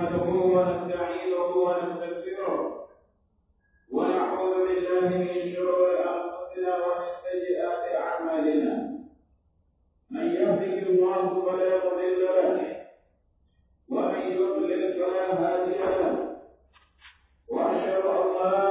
نحمده ونستعينه ونستغفره ونعوذ بالله من شرور انفسنا ومن سيئات اعمالنا من يهده الله فلا مضل له ومن يضلل فلا هادي له واشهد ان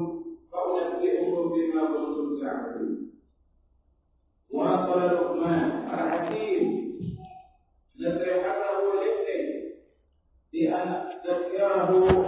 لكم فأنبئكم بما كنتم تعملون واصل لقمان الحكيم نصيحته لابنه بأن تذكره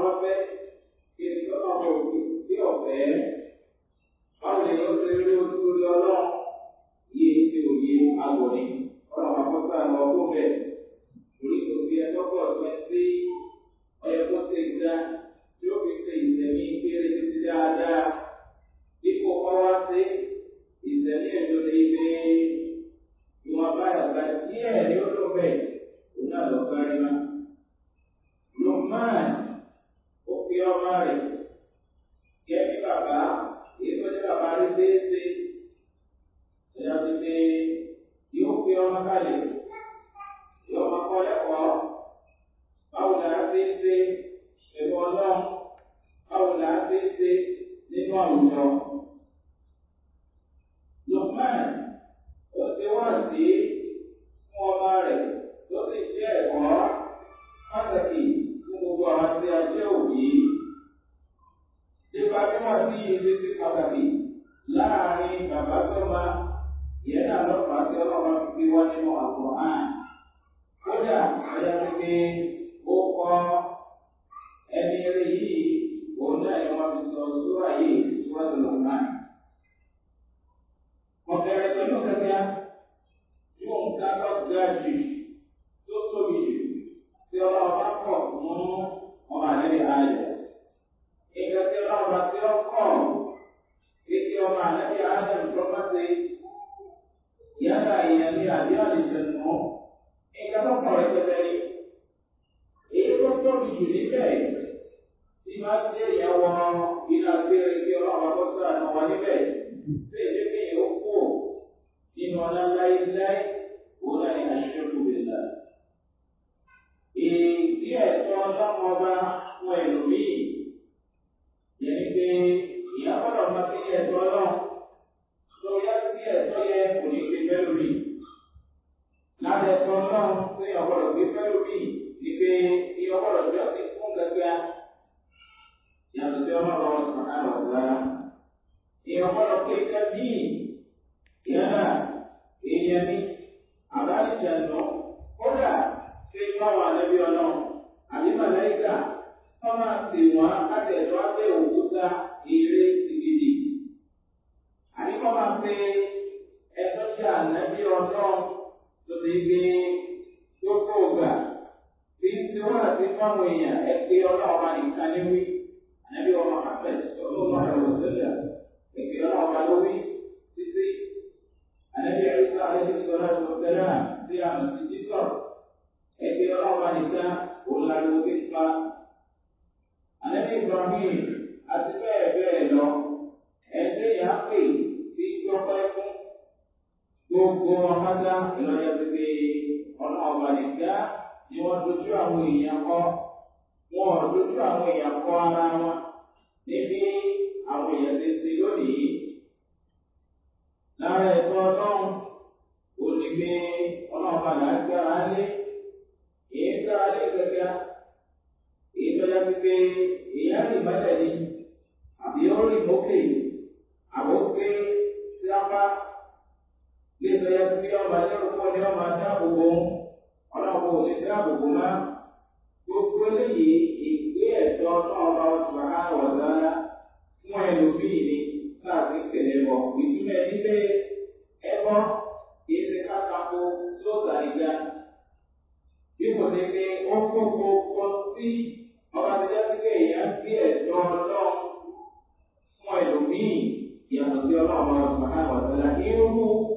europee, che sono gruppi europei ẹ̀tọ́ ọlọ́run pé ọ̀gbọ́dọ̀ gbé fẹ́lú bí ni pé ní ọ̀gbọ́dọ̀ jọ sí fún gẹ́gẹ́ yàtọ̀ sí ọlọ́run sàn án ọ̀gá. Ní ọ̀gbọ́dọ̀ pé ká bí yàrá èèyàn ní àbájáde àná kódà ṣe báwọn àlẹ́bí ọlọ́run àbí màláìkà wọ́n máa sì wọ́n àtẹ̀tọ́ abẹ́ òkúta ìrè ìdìdì. Àbí wọ́n máa pe ẹ̀tọ́ sí àlẹ́bí ọlọ́run tó ti gbé lóko ògbà tí ń ti wọ́n àti fáwọn èèyàn ẹ pé ọlọ́ọ̀ba nìkan ní wí ànábì ọmọ àpẹ ọlọ́ọ̀ba ọ̀rọ̀ sọ́jà ẹ pé ọlọ́ọ̀ba ló wí títí ànábì ẹ̀ríkà àti ìsọ̀rọ̀ ọ̀sẹ̀lá tí a mọ̀ sí títọ̀ ẹ pé ọlọ́ọ̀ba nìkan òun la ló fi pa ànábì ibrahim àti bẹ́ẹ̀ bẹ́ẹ̀ lọ ẹ̀ ń dé ìyá pè tí ìjọba ẹkún gbogbo wọn pátá ti pé ọ̀nà ọ̀bà nìkà ni wọ́n dojú àwọn èèyàn kọ́ dojú àwọn èèyàn kọ́ ara wọn níbi àwọn èèyàn ti ṣe lónìí. lára ẹ̀tọ́ ọlọ́run ò ní pé ọ̀nà ọ̀bà làágbára lé èyí ń lé èyí tó èyí á lè bá tẹ̀lé àbí ó rìn lókè nítorí ẹni tí ọmọ ẹlẹ́rù pọ̀ ní ọmọ adáàbòbò ọlọ́pàá òní dáàbòbò gbogbo eléyìí ìgbé ẹ̀dọ́ náà bá oṣù àárọ̀ ọ̀dáná fún ẹlòmíì ni láti tẹ̀lé bọ̀ kìí ṣe ìjà bí ní pé ó gbogbo ọba náà fún ẹlòmíì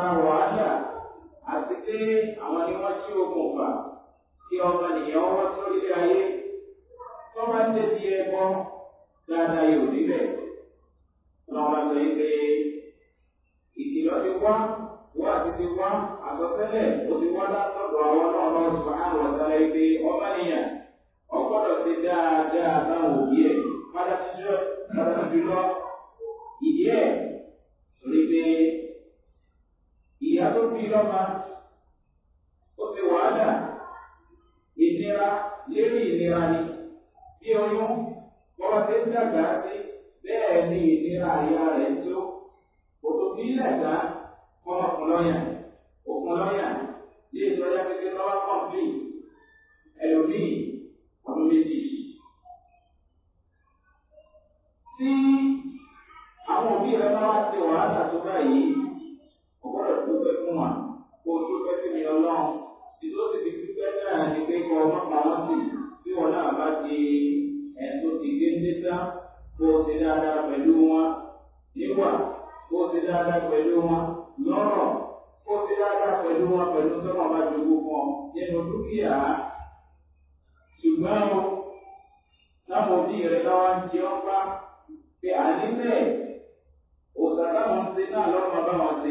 lára wàhálà àti pé àwọn ni wọ́n tí okùn fà kí ọmọ nìyẹn wọ́n sórílẹ̀ ayé tó bá tẹ̀sí ẹ̀kọ́ dáadáa yóò níbẹ̀. Lọ́wọ́ sọ yìí pé ìkìlọ̀ ti wá wá ti ti wá àsọtẹ́lẹ̀ ó ti wá látọ̀dọ̀ àwọn náà ti dáadáa báwo bí ẹ̀ pátá ti jọ pátá ti ìyá tó bí lọ́mọ ó ti wàhálà ìnira lérí ìnira ni bí oyún bọ́lá ti ń dàgbà sí bẹ́ẹ̀ ni ìnira àyà rẹ̀ tó òtò bí lẹ́gbàá kọ́mọkùnrin lọ́yà òkun lọ́yà bí ìtọ́jà pípẹ́ lọ́wọ́ kọ́ńpì ẹlòmíì ọdún méjì. Tí àwọn òbí rẹ̀ bá wá ti wàhálà tó báyìí gbọ́dọ̀ dúpẹ́ fún wa kó o dúpẹ́ sí ni ọlọ́run ìdúró sì fi dúpẹ́ náà ni pé kọ́ ọlọ́pàá lọ́sì tí wọn náà bá ti ẹ̀sùn ti dé ní sá kó o ti dáadáa pẹ̀lú wọn níwà kó o ti dáadáa pẹ̀lú wọn lọ́rọ̀ kó o ti dáadáa pẹ̀lú wọn pẹ̀lú sọ́mọ́ bá jogún fún ọ nínú dúkìá ṣùgbọ́n táwọn òbí rẹ lọ́wọ́ ń jẹ ọ́ bá pé àní bẹ́ẹ̀ òòtà táwọn ń ṣe náà lọ́wọ́ bá wọn ṣe.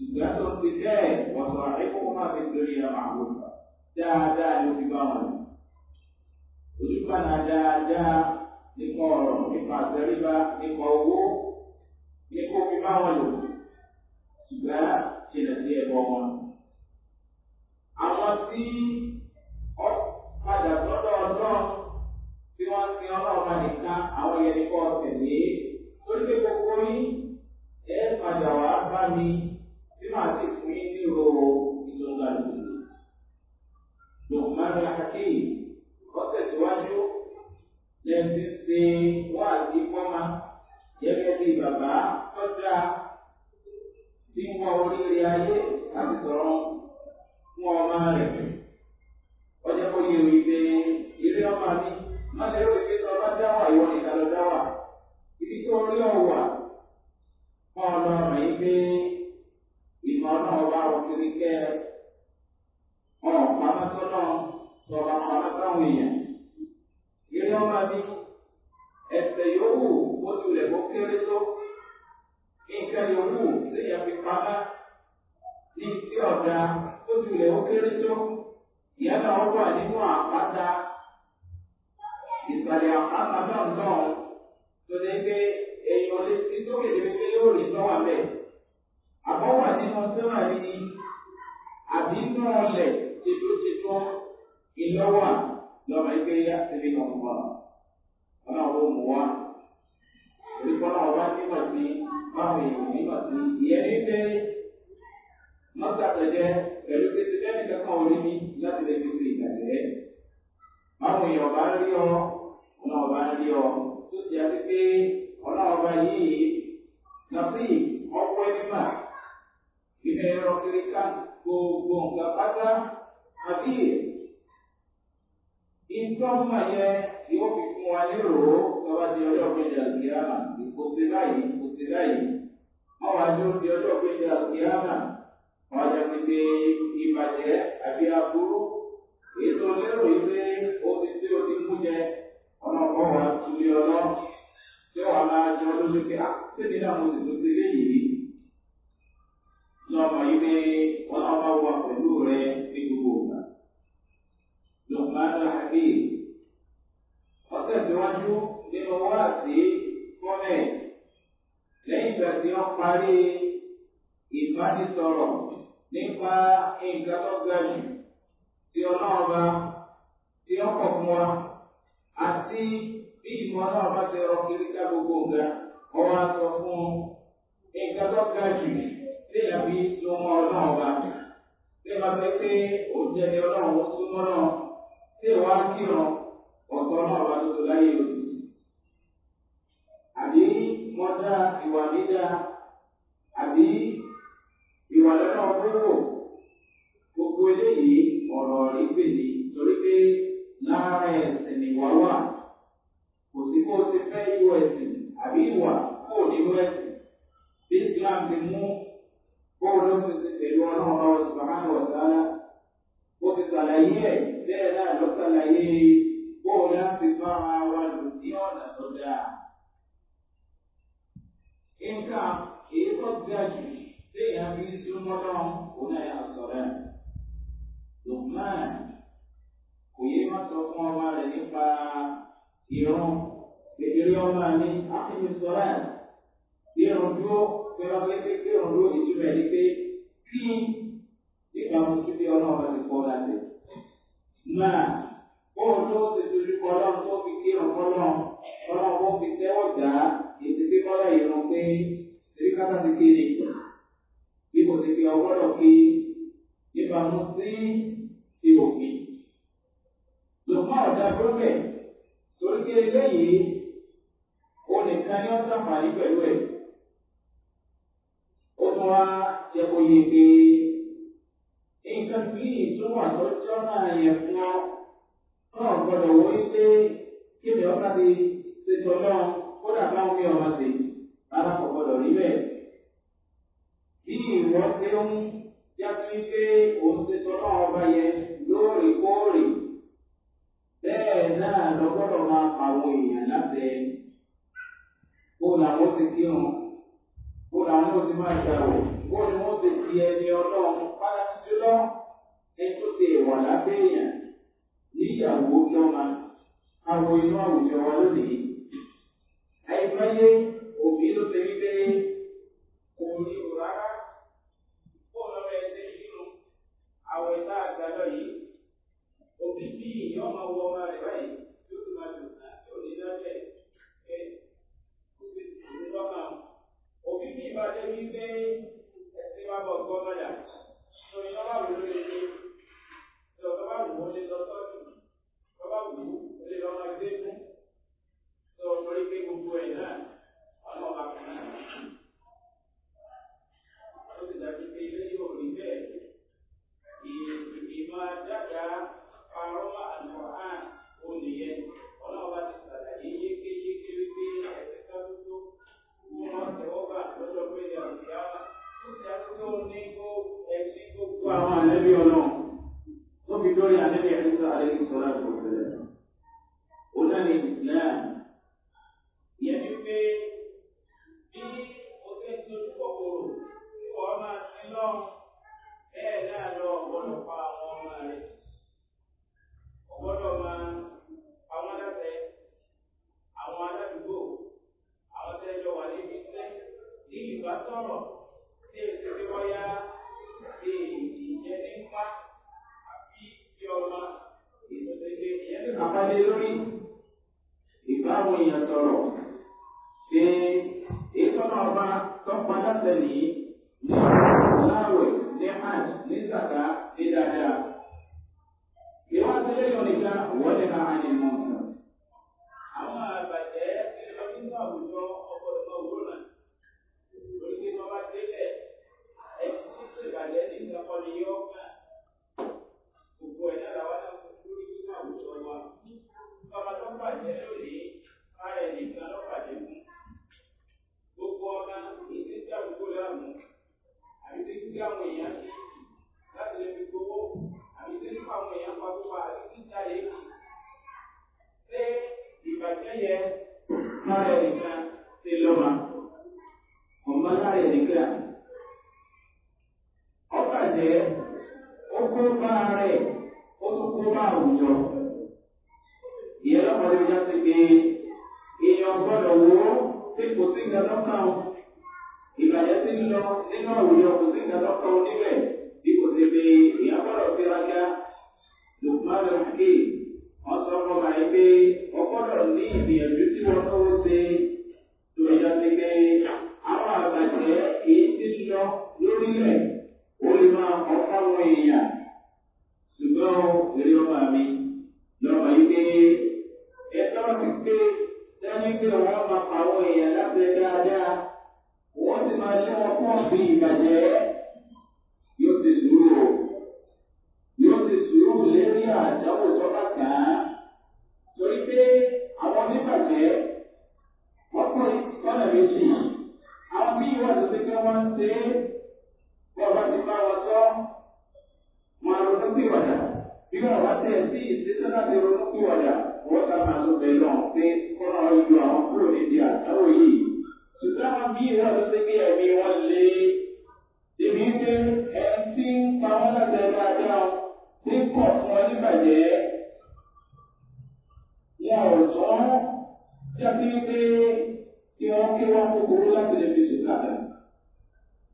ṣùgbọ́n ti bẹ́ẹ̀ wọ̀sọ̀ àríkùn máa fi lórí ẹ̀ máa wò dáadáa ló fi bá wọn. Ojúkànnà dáadáa nípa ọ̀rọ̀ nípa àtẹríba nípa owó nípa omi bá wọn lò ṣùgbọ́n ṣẹlẹ̀ sí ẹ̀kọ́ wọn. Àwọn tí ọ padà sọ́dọ̀ ọ̀dọ́ tí wọ́n ti ọlọ́ọ̀bá nìkan àwọn yẹn ní kọ́ ọ̀sẹ̀ ní. Torí pé gbogbo yín ẹ padà wàá bá mi. القرآن الحكيم وتتوجه لنفسي وأزيكما يبدي بابا فتا سيما ولي أبصرون وما ربي ọjọ́ kó yẹ wípé ilé ọmọ mi má lérò ìgbé tó ọba dáwà ìwọ nìkan lọ dáwà ibi tó rí ọ̀wà kọ́ ọ lọ sọ̀rọ̀ àwọn táwọn èèyàn. Ìrẹ́ ọmọ mi, ẹ̀sẹ̀ yòówù bójú rẹ̀ bó kéré tó. Nǹkan yòówù léèyàn fi pamá. Ní ti ọ̀dà bójú rẹ̀ ó kéré tó. Ìyá náà ó wà nínú àpáta. Ìsàlẹ̀ àpáta náà náà tó lé pé èèyàn lè ti tó kéde pé yóò rí sọ́wọ́ bẹ́ẹ̀. Àbọ̀wà nínú sẹ́wà ìlọ́wà lọ́mọ ẹgbẹ́ yá síbi kọ̀ọ̀kan ọ̀nà ọ̀rọ̀ mú wa ìrìkọ́nà ọba nígbà tí báwọn èèyàn nígbà tí ìyẹn ní pé mọ́tàtẹ̀jẹ́ pẹ̀lú títí lẹ́nu kankan orí mi láti lè fi ṣe ìgbàgbẹ́ báwọn èèyàn ọba ń rí ọ ọ̀nà ọba ń rí ọ tó ti àti pé ọ̀nà ọba yìí nàbí ọ̀pọ̀ ẹ̀mímà ìfẹ́ ẹ̀rọ kiri ká gbogbo nǹkan pátá àbí ìjọba yẹn yóò fi fún wa nírò ó lọ́wọ́ di ọjọ́ kejì àgbéyàmà kò sí báyìí kò sí báyìí wọ́n wá dúró di ọjọ́ kejì àgbéyàmà wọ́n á jẹ́ pé ìbàjẹ́ àbí aburú ètò oníròyìn pé. islam ti mú bóun ló ti ti pẹ̀lú ọlọ́run bá wọn sùpàmọ́ àwọn ọ̀sára ó ti sàlàyé ẹ̀ bẹ́ẹ̀ náà ló sàlàyé bóun láti bá ara wa lò ní ọ̀nà tó dáa. nǹkan èyí tó dáa jù téèyàn fi ń súnmọ́ kò náà yà sọ̀rọ̀ ẹ̀. lùmáà kò yé má sọ fún ọmọ rẹ̀ nípa ìrún kékeré ọmọ ní àfihàn sọ̀rọ̀ ẹ̀. ìrún dúró pẹ̀lú ọgbẹ́ pé òun ló ìtura ẹ̀ ní pé kí nípa mo tún bí ọlọ́run bá ti kọ́ láti. Máa bóun ló ti dojú kọ ọlọ́run tó fi kí ọ̀pọ̀lọ́run ọlọ́run ó fi tẹ́wọ̀ dá èdè pé kọ́lá ìran pé èyí ká bá ti kéde. Bí kò ti fi ọgbọ́dọ̀ pé nípa mo sí ti òfin. Lòpọ̀ ọ̀dà gbọ́dọ̀ torí pé eléyìí ó nìkan ní ọ̀sán pẹ̀lú ẹ̀ kó wá jẹ́ kó yé pé nǹkan bí ìtumọ̀ tó jọ́nà yẹn fún ọ náà gbọ́dọ̀ wọ́n yí kí ni ọba ti ṣe tọ́lọ́ kódà báwọn mi ọba ṣe rárá kò rí bẹ́ẹ̀. bí ìwọ ṣe ń yàtọ̀ pé òun ṣe tọ́lọ́ ọba yẹn lóòrèkóòrè bẹ́ẹ̀ náà lọ gbọ́dọ̀ máa pàwọn èèyàn láti ẹ̀ kó làwọn ti kírun kó làwọn yóò ti máa jà wò kó ni wọ́n ti di ẹni ọlọ́run padà sí lọ ẹni ti wà lábẹ́ èèyàn níyàwó lọ́mà àwọn inú àwùjọ wa lónìí. àìmọye òbí ló ti rí pé kò rí o rárá kó lọ́rọ̀ ẹsẹ̀ nínú àwọn ìta àgbàdo yìí òbí bí ìyá wọ ọmọ rẹ̀ báyìí. wípé ẹsẹ̀ wa bọ̀ gbọ́ lọ́yà. aláṣẹ nìyí ní láàwẹ̀ ní hajj ní zaka ní dáadáa. ọ̀tún jáde pé kí wọ́n kí wọ́n kúkúrú láti lè fi sùn kàkà.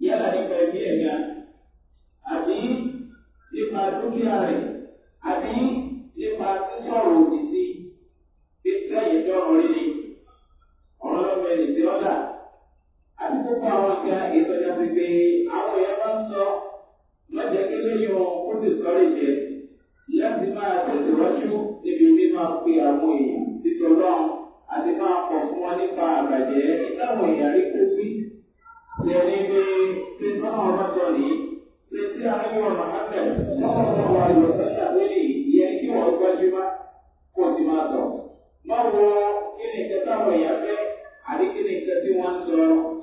Yálà nípa ẹ̀mí ẹ̀yà àbí nípa dúkìá rẹ̀ àbí nípa sísọ̀rọ̀ òdì sí bí sẹ́yìn jọ ọ̀rẹ́ ni ọ̀rọ̀ lọ́wọ́ ẹni tí ọ̀dà. Àti púpọ̀ àwọn ìgbà ìtọ́jà ti pé àwọn èèyàn máa ń sọ lọ́jà kí lóyún ọkùnrin sọ́rí jẹ láti máa tẹ̀síwájú níbi mímọ́ pé àwọn èèyàn. ọlọ́run àti máa pọ̀ fún wọn nípa àgbàjẹ́ ìtàwọn èèyàn rí kó wí. Lẹ́ni pé ṣé báwọn ọmọ sọ nìyí? tí àwọn yóò tẹ̀? kí wọ́n gbájú má kó o ti máa kí ni èèyàn fẹ́ kí ni tí wọ́n ń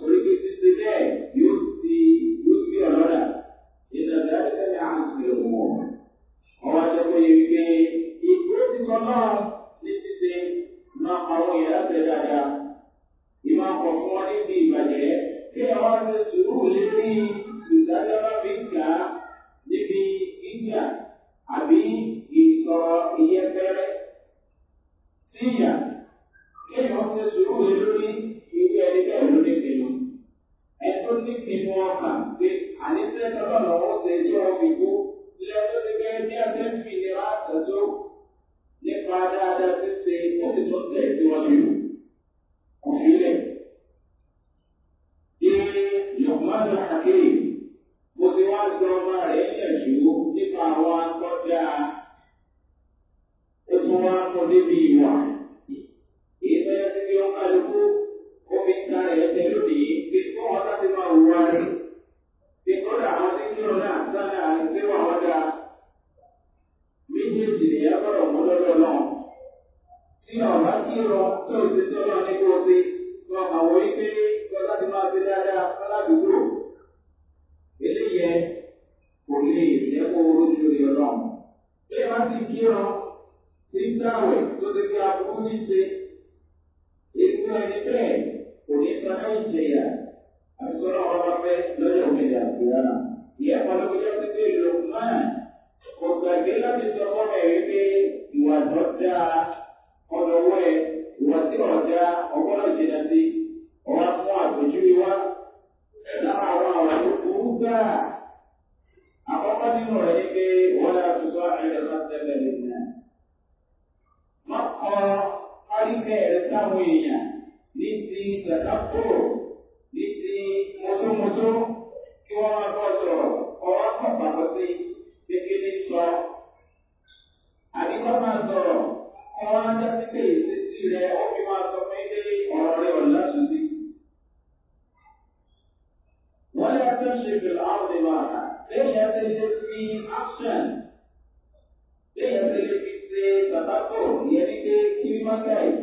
wọn níbi ìbàjẹ́ kí àwọn àti sùúrù lérí ìdájọ́ bá fi ń gà á níbi ìjà àbí ìsọ̀rọ̀ ìyẹ́fẹ́rẹ́ síyà kí àwọn àti sùúrù lérí ìwé ẹni bẹ́ẹ̀ ló ní pinnu ẹ̀tọ́ ní pinnu ọkàn pé àníṣe tọ́lọ́ lọ́wọ́ ṣe tí wọ́n fi kú ilé ọjọ́ ti gbé ní ẹgbẹ́ fi ìnira àtẹ̀tọ́ nípa àwọn agbọ́dá ó tún wá kó débi ìwà. Èyí tó yẹ kí wọ́n kálukú omi ta ẹ̀jẹ̀ lónìí pé kí wọ́n láti máa wúwa rẹ̀. Pé kọ́dà àwọn tí kí wọ́n náà sáná àti wà wọ́n dá. Méjèèjì ni ìyá bọ̀rọ̀ mú lọ́dọ̀ náà. Tí ọ̀bá kí lọ tó ti tọ́lọ́ ní kó o ti, wọ́n máa wọ ipé kọ́ láti máa fi dáadáa fọ́ládùúgbò. kírun tí ń dáwẹ̀ tó ti fi aburú ní ṣe irú ẹni bẹ́ẹ̀ kò ní sọ náà ìjẹyà àti sọ́nà ọlọ́wọ́ fẹ́ lọ́yọ̀ òmìnira àti rárá. ìyá pàlọ́kọ́ jẹ́ pé pé lòkùnmáà kò gbàgbé láti sọ fọ́nà ẹ̀rí pé ìwà tó dáa ọ̀dọ̀wọ́ ẹ̀ ìwà tí ọ̀dà ọgbọ́dọ̀ jìnnà sí ọ̀wá fún àpèjúwe wá lára àwọn àwọn àlòkù gbáà àkọ́kọ́ nínú rẹ̀ ní pé wọ́n yára tó sọ àìlẹ̀ bá tẹ̀lé lè nà. má kọ káríkẹ́ rẹ̀ sáwọn èèyàn ní ti ìtàkùrò ní ti mọ́tómọ́tó kí wọ́n máa kọ́ sọ̀rọ̀ kọ́ wá pàpàkọ́ sí kékeré sọ. àbíkọ́ máa sọ̀rọ̀ kọ́ wá dá sí pé ìṣesí rẹ̀ ó fi máa sọ fún ilé ọ̀rọ̀ rẹ̀ ọ̀la tuntun. wọ́n yára tó ṣe fìlà áwọn ìwà àná. They have the free option. They have the free say, Tatako, Yenike, Kirimakai.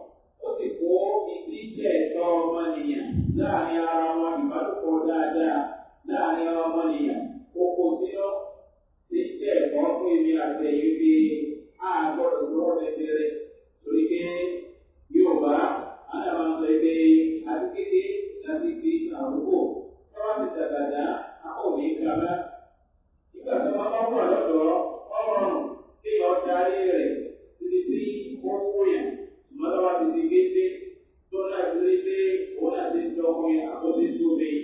ó sì kó ìpínlẹ̀ ẹ̀tọ́ ọmọnìyàn láàrin ara wọn ìbálòpọ̀ dáadáa láàrin ọmọnìyàn kókó sínú ìpínlẹ̀ ẹ̀tọ́ fún èmi àtẹ̀yìn bí àgbọ̀dọ̀ gbọ́ bẹ̀rẹ̀ torí pé yóò bá àdàbà ń sọ pé àdúgbò láti fi àrùkò tọ́wọ́ ti dàgbàdà àkọ́bí gbàgbà. ìgbà tó wọn bá wà lọ́dọ̀ ọ̀rọ̀ tí lọ́ọ́ darí rẹ̀ títí tí wọ́n kó yàn mọ́tò wá ti di gbé dé tó náà ti rí pé òun náà ti jọ ọkùnrin àkọsí tó bẹ́ẹ̀.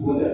with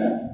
Yeah.